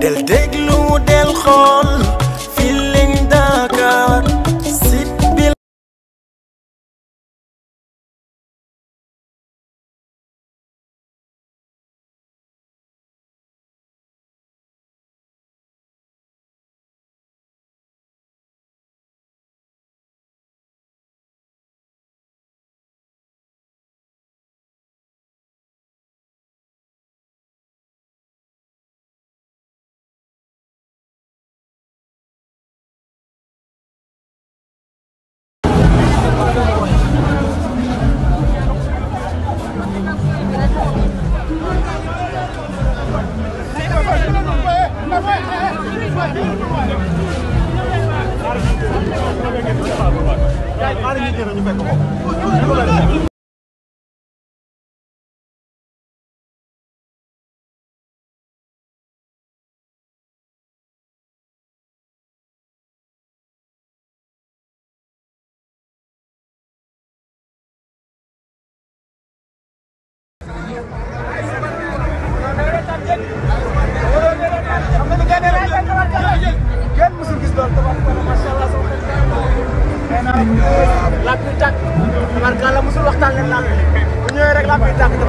del déglu del xool ñaari nit ñu fekk ko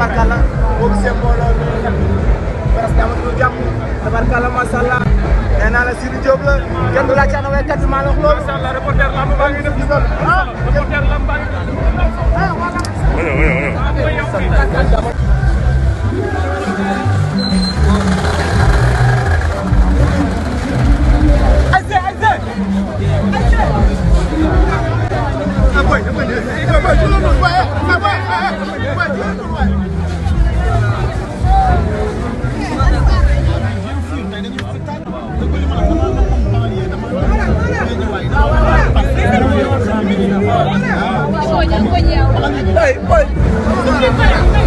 tabarkalla boo gisee mbooloo mi nga xam parce que amatuñu jàmm tabarkalla macha allah nee naa la Sidi Diop la kenn du laajte ana waykat allah polla, polla. Ay, polla.